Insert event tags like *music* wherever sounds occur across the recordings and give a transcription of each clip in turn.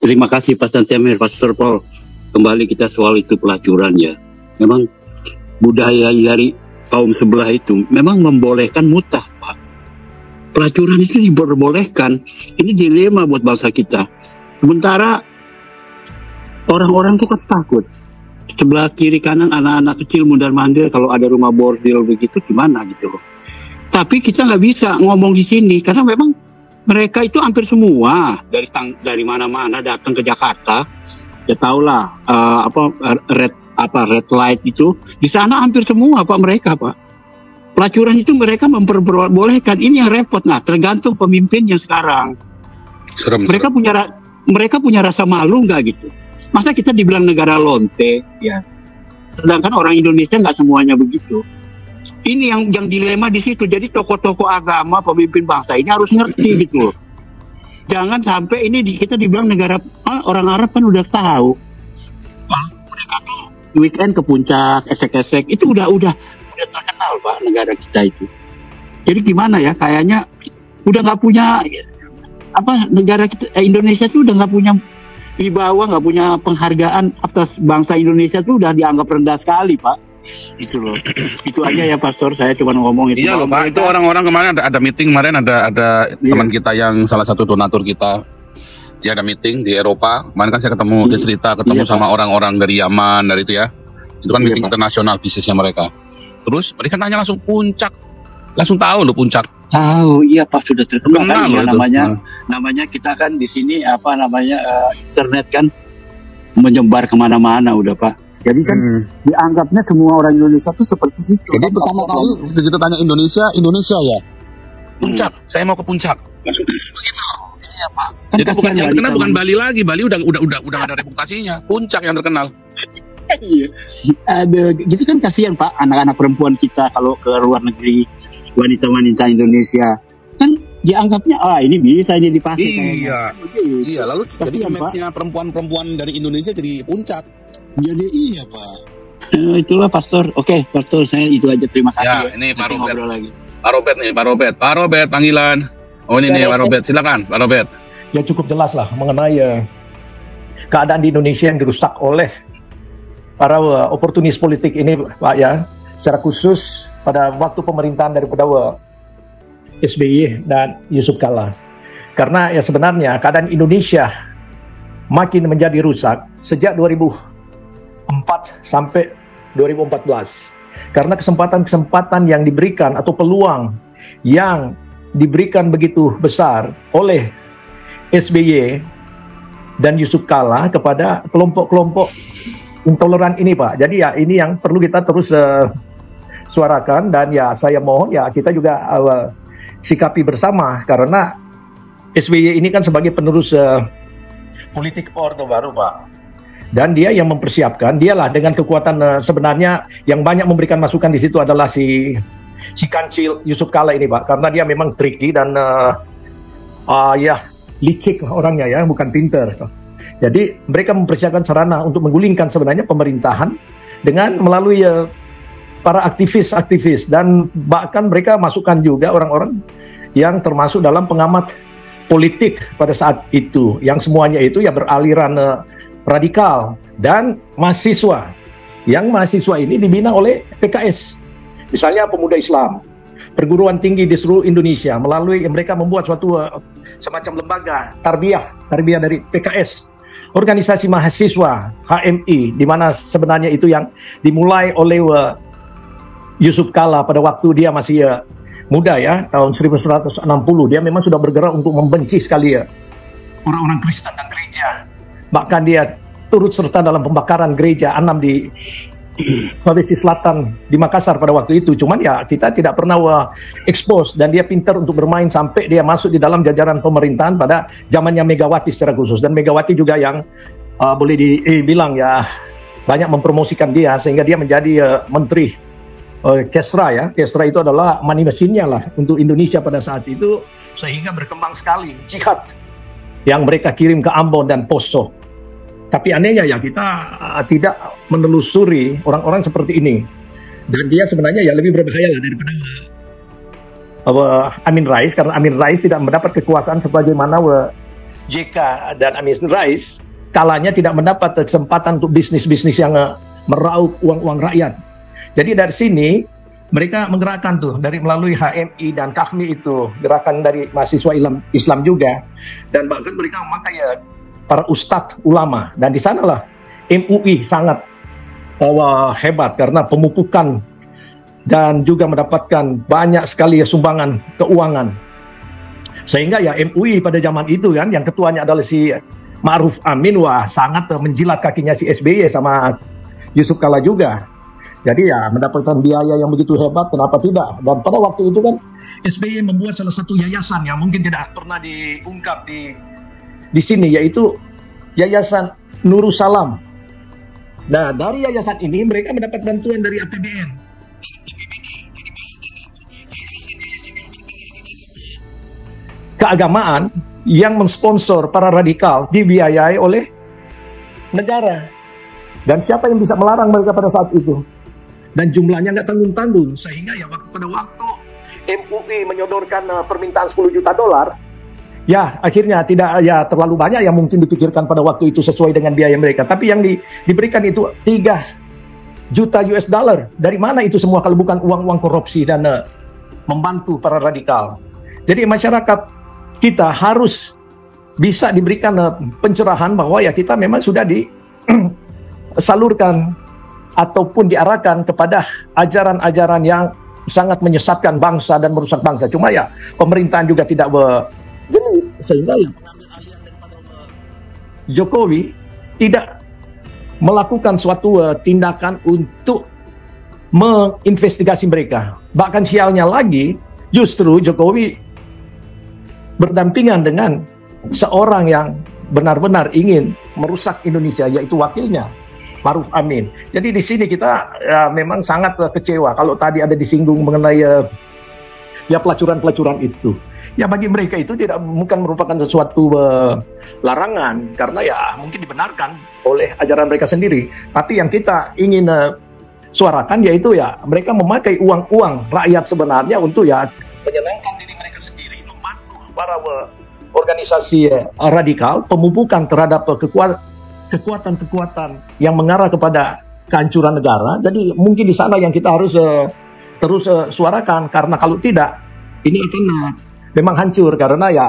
terima kasih Pak Santiamir, Pastor Paul. Kembali kita soal itu pelacuran ya. Memang budaya dari kaum sebelah itu memang membolehkan mutah, Pak. Pelacuran itu diperbolehkan. Ini dilema buat bangsa kita. Sementara orang-orang itu kan takut. Sebelah kiri kanan anak-anak kecil mundar-mandir kalau ada rumah bordil begitu gimana gitu loh. Tapi kita nggak bisa ngomong di sini karena memang mereka itu hampir semua dari tang dari mana-mana datang ke Jakarta ya tahulah uh, eh, apa red apa red light itu di sana hampir semua pak mereka pak pelacuran itu mereka memperbolehkan ini yang repot nah tergantung pemimpinnya sekarang serem, mereka serem. punya mereka punya rasa malu nggak gitu masa kita dibilang negara lonte ya sedangkan orang Indonesia nggak semuanya begitu ini yang yang dilema di situ. Jadi tokoh-tokoh agama, pemimpin bangsa ini harus ngerti gitu Jangan sampai ini di, kita dibilang negara ah, orang Arab kan udah tahu. Pak, mereka tuh weekend ke puncak, esek-esek itu udah udah udah terkenal pak negara kita itu. Jadi gimana ya? Kayaknya udah nggak punya apa negara kita eh, Indonesia tuh udah nggak punya di bawah nggak punya penghargaan atas bangsa Indonesia tuh udah dianggap rendah sekali pak itu loh itu aja ya pastor saya cuma ngomong itu iya loh pak itu orang-orang kemarin ada ada meeting kemarin ada ada iya. teman kita yang salah satu donatur kita dia ada meeting di Eropa kemarin kan saya ketemu dia iya. cerita ketemu iya, sama orang-orang dari Yaman dari itu ya itu kan iya, meeting internasional bisnisnya mereka terus mereka tanya langsung puncak langsung tahu loh puncak tahu iya pak sudah terkenal kan, ya, namanya nah. namanya kita kan di sini apa namanya uh, internet kan menyebar kemana-mana udah pak jadi kan hmm. dianggapnya semua orang Indonesia itu seperti itu. Jadi pertama kali kita tanya Indonesia, Indonesia ya. Puncak, hmm. saya mau ke puncak. begitu. Iya, Pak. Kan Jadi bukan yang terkenal bukan Bali lagi, Bali udah udah udah udah ada reputasinya. Puncak yang terkenal. Iya. Ada gitu kan kasihan Pak anak-anak perempuan kita kalau ke luar negeri wanita-wanita Indonesia kan dianggapnya ah ini bisa ini dipakai iya kayaknya. iya lalu kasihan, jadi image-nya perempuan-perempuan dari Indonesia jadi puncak jadi iya pak. ya, itulah Pastor. Oke, okay, Pastor saya itu aja terima ya, kasih. Ya, ini Pak Robert. Lagi. Pak Robert nih, Pak Robert. Pak Robert panggilan. Oh ini ya, nih ya, Pak Robert, silakan Pak Robert. Ya cukup jelas lah mengenai ya, keadaan di Indonesia yang dirusak oleh para uh, oportunis politik ini Pak ya. Secara khusus pada waktu pemerintahan daripada uh, SBY dan Yusuf Kala. Karena ya sebenarnya keadaan Indonesia makin menjadi rusak sejak 2000 sampai 2014. Karena kesempatan-kesempatan yang diberikan atau peluang yang diberikan begitu besar oleh SBY dan Yusuf Kala kepada kelompok-kelompok intoleran ini Pak. Jadi ya ini yang perlu kita terus uh, suarakan dan ya saya mohon ya kita juga uh, sikapi bersama karena SBY ini kan sebagai penerus uh, politik Orde Baru Pak dan dia yang mempersiapkan dialah dengan kekuatan uh, sebenarnya yang banyak memberikan masukan di situ adalah si si Kancil Yusuf Kala ini Pak karena dia memang tricky dan uh, uh, ya licik orangnya ya bukan pinter jadi mereka mempersiapkan sarana untuk menggulingkan sebenarnya pemerintahan dengan melalui uh, para aktivis-aktivis dan bahkan mereka masukkan juga orang-orang yang termasuk dalam pengamat politik pada saat itu yang semuanya itu ya beraliran uh, radikal, dan mahasiswa. Yang mahasiswa ini dibina oleh PKS. Misalnya pemuda Islam, perguruan tinggi di seluruh Indonesia melalui mereka membuat suatu uh, semacam lembaga tarbiyah, tarbiyah dari PKS organisasi mahasiswa HMI di mana sebenarnya itu yang dimulai oleh uh, Yusuf Kala pada waktu dia masih uh, muda ya tahun 1960 dia memang sudah bergerak untuk membenci sekali ya orang-orang Kristen dan gereja bahkan dia turut serta dalam pembakaran gereja Anam di Sulawesi Selatan di Makassar pada waktu itu. Cuman ya kita tidak pernah uh, expose dan dia pintar untuk bermain sampai dia masuk di dalam jajaran pemerintahan pada zamannya Megawati secara khusus dan Megawati juga yang uh, boleh dibilang eh, ya banyak mempromosikan dia sehingga dia menjadi uh, menteri uh, Kesra ya. Kesra itu adalah money mesinnya lah untuk Indonesia pada saat itu sehingga berkembang sekali jihad yang mereka kirim ke Ambon dan Poso tapi anehnya ya kita ah, tidak menelusuri orang-orang seperti ini. Dan dia sebenarnya ya lebih berbahaya lah daripada eh, Amin Rais karena Amin Rais tidak mendapat kekuasaan sebagaimana eh, JK dan Amin Rais kalanya tidak mendapat kesempatan untuk bisnis-bisnis yang eh, meraup uang-uang rakyat. Jadi dari sini mereka menggerakkan tuh dari melalui HMI dan KAHMI itu gerakan dari mahasiswa Islam, juga dan bahkan mereka memakai para ustadz ulama dan di sanalah MUI sangat uh, hebat karena pemupukan dan juga mendapatkan banyak sekali sumbangan keuangan sehingga ya MUI pada zaman itu kan yang ketuanya adalah si Ma'ruf Amin wah sangat menjilat kakinya si SBY sama Yusuf Kala juga jadi ya mendapatkan biaya yang begitu hebat kenapa tidak dan pada waktu itu kan SBY membuat salah satu yayasan yang mungkin tidak pernah diungkap di di sini yaitu Yayasan Salam. Nah, dari yayasan ini mereka mendapat bantuan dari APBN. Keagamaan yang mensponsor para radikal dibiayai oleh negara. Dan siapa yang bisa melarang mereka pada saat itu? Dan jumlahnya nggak tanggung-tanggung, sehingga ya waktu pada waktu MUI menyodorkan eh, permintaan 10 juta dolar, ya akhirnya tidak ya terlalu banyak yang mungkin dipikirkan pada waktu itu sesuai dengan biaya mereka tapi yang di, diberikan itu tiga juta US dollar dari mana itu semua kalau bukan uang-uang korupsi dan uh, membantu para radikal jadi masyarakat kita harus bisa diberikan uh, pencerahan bahwa ya kita memang sudah disalurkan *clears throat* ataupun diarahkan kepada ajaran-ajaran yang sangat menyesatkan bangsa dan merusak bangsa. Cuma ya pemerintahan juga tidak jadi sehingga Jokowi tidak melakukan suatu uh, tindakan untuk menginvestigasi mereka. Bahkan sialnya lagi, justru Jokowi berdampingan dengan seorang yang benar-benar ingin merusak Indonesia, yaitu wakilnya, Maruf Amin. Jadi di sini kita ya, memang sangat eh, kecewa kalau tadi ada disinggung mengenai eh, ya pelacuran-pelacuran itu ya bagi mereka itu tidak bukan merupakan sesuatu uh, larangan karena ya mungkin dibenarkan oleh ajaran mereka sendiri. Tapi yang kita ingin uh, suarakan yaitu ya mereka memakai uang-uang rakyat sebenarnya untuk ya menyenangkan diri mereka sendiri, membantu para uh, organisasi uh, radikal pemupukan terhadap uh, kekuatan kekuatan yang mengarah kepada kehancuran negara. Jadi mungkin di sana yang kita harus uh, terus uh, suarakan karena kalau tidak ini akan memang hancur karena ya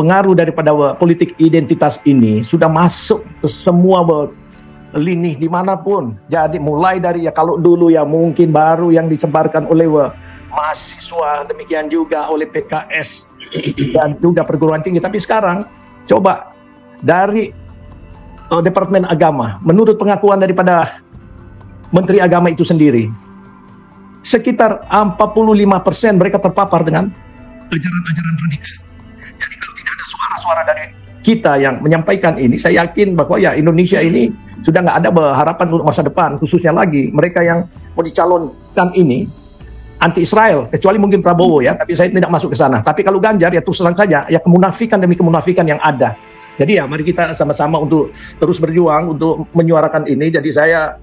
pengaruh daripada politik identitas ini sudah masuk ke semua lini dimanapun. Jadi mulai dari ya kalau dulu ya mungkin baru yang disebarkan oleh mahasiswa, demikian juga oleh PKS *clears throat* dan juga perguruan tinggi. Tapi sekarang coba dari uh, Departemen Agama, menurut pengakuan daripada Menteri Agama itu sendiri, sekitar 45% persen mereka terpapar dengan ajaran-ajaran dunia. Jadi kalau tidak ada suara-suara dari kita yang menyampaikan ini, saya yakin bahwa ya Indonesia ini sudah nggak ada harapan untuk masa depan, khususnya lagi mereka yang mau dicalonkan ini anti Israel, kecuali mungkin Prabowo ya, tapi saya tidak masuk ke sana. Tapi kalau Ganjar ya terus terang saja, ya kemunafikan demi kemunafikan yang ada. Jadi ya mari kita sama-sama untuk terus berjuang untuk menyuarakan ini. Jadi saya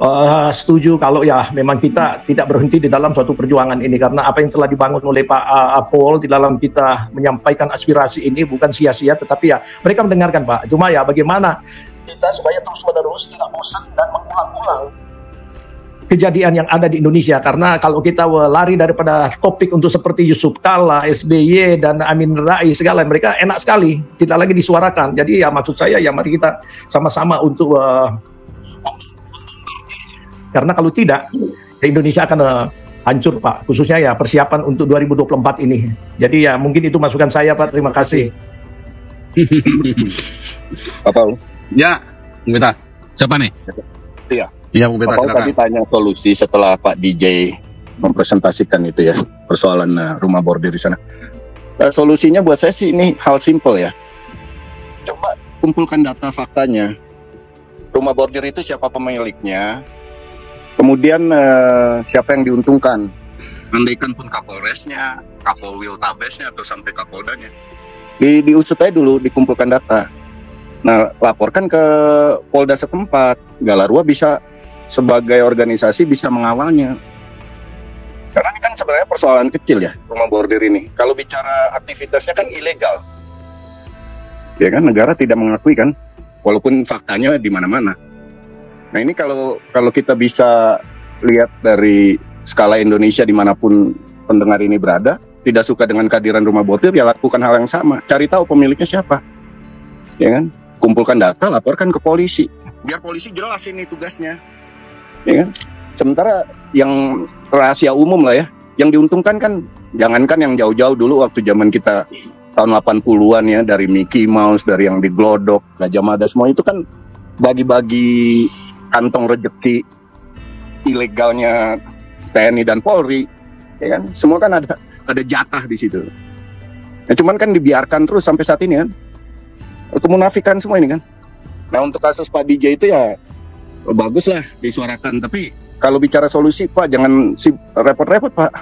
uh, setuju kalau ya memang kita hmm. tidak berhenti di dalam suatu perjuangan ini karena apa yang telah dibangun oleh Pak uh, Paul di dalam kita menyampaikan aspirasi ini bukan sia-sia tetapi ya mereka mendengarkan Pak cuma ya bagaimana kita supaya terus menerus tidak bosan dan mengulang-ulang kejadian yang ada di Indonesia karena kalau kita eh, lari daripada topik untuk seperti Yusuf Kala, SBY dan Amin Rais segala mereka enak sekali tidak lagi disuarakan. Jadi ya maksud saya ya mari kita sama-sama untuk uh, karena kalau tidak, Indonesia akan uh, hancur Pak, khususnya ya persiapan untuk 2024 ini. Jadi ya mungkin itu masukan saya Pak, terima kasih. Apa Ya, Bung Beta. Siapa nih? Iya. Iya, Bung Beta. Apa tadi tanya solusi setelah Pak DJ mempresentasikan itu ya, persoalan eh, rumah bordir di sana. Uh, solusinya buat saya sih ini hal simple ya. Coba kumpulkan data faktanya. Rumah bordir itu siapa pemiliknya, Kemudian uh, siapa yang diuntungkan? Andaikan pun Kapolresnya, Kapolwil Tabesnya atau sampai Kapoldanya. Di diusut aja dulu, dikumpulkan data. Nah, laporkan ke Polda setempat. Galarua bisa sebagai organisasi bisa mengawalnya. Karena ini kan sebenarnya persoalan kecil ya, rumah bordir ini. Kalau bicara aktivitasnya kan ilegal. Ya kan negara tidak mengakui kan, walaupun faktanya di mana-mana. Nah ini kalau kalau kita bisa lihat dari skala Indonesia dimanapun pendengar ini berada, tidak suka dengan kehadiran rumah botir ya lakukan hal yang sama. Cari tahu pemiliknya siapa, ya kan? Kumpulkan data, laporkan ke polisi. Biar polisi jelas ini tugasnya, ya kan? Sementara yang rahasia umum lah ya, yang diuntungkan kan jangankan yang jauh-jauh dulu waktu zaman kita tahun 80-an ya dari Mickey Mouse, dari yang di Glodok, Gajah Mada semua itu kan bagi-bagi kantong rejeki ilegalnya TNI dan Polri, ya kan? Semua kan ada ada jatah di situ. Nah, cuman kan dibiarkan terus sampai saat ini kan. Kemunafikan semua ini kan. Nah, untuk kasus Pak DJ itu ya oh, bagus lah disuarakan, tapi kalau bicara solusi Pak jangan si repot-repot Pak.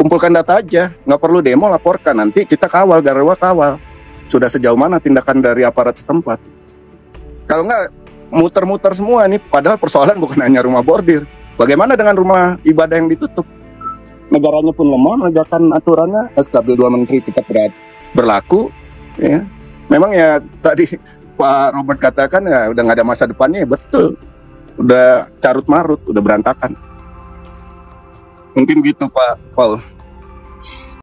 Kumpulkan data aja, nggak perlu demo laporkan nanti kita kawal, Garwa kawal. Sudah sejauh mana tindakan dari aparat setempat. Kalau nggak muter-muter semua nih padahal persoalan *laughs* bukan hanya rumah bordir bagaimana dengan rumah ibadah yang ditutup negaranya pun lemah menegakkan aturannya SKB 2 menteri tetap berlaku ya memang ya *laughs* tadi Pak Robert katakan ya udah nggak ada masa depannya betul udah carut marut udah berantakan mungkin gitu Pak Paul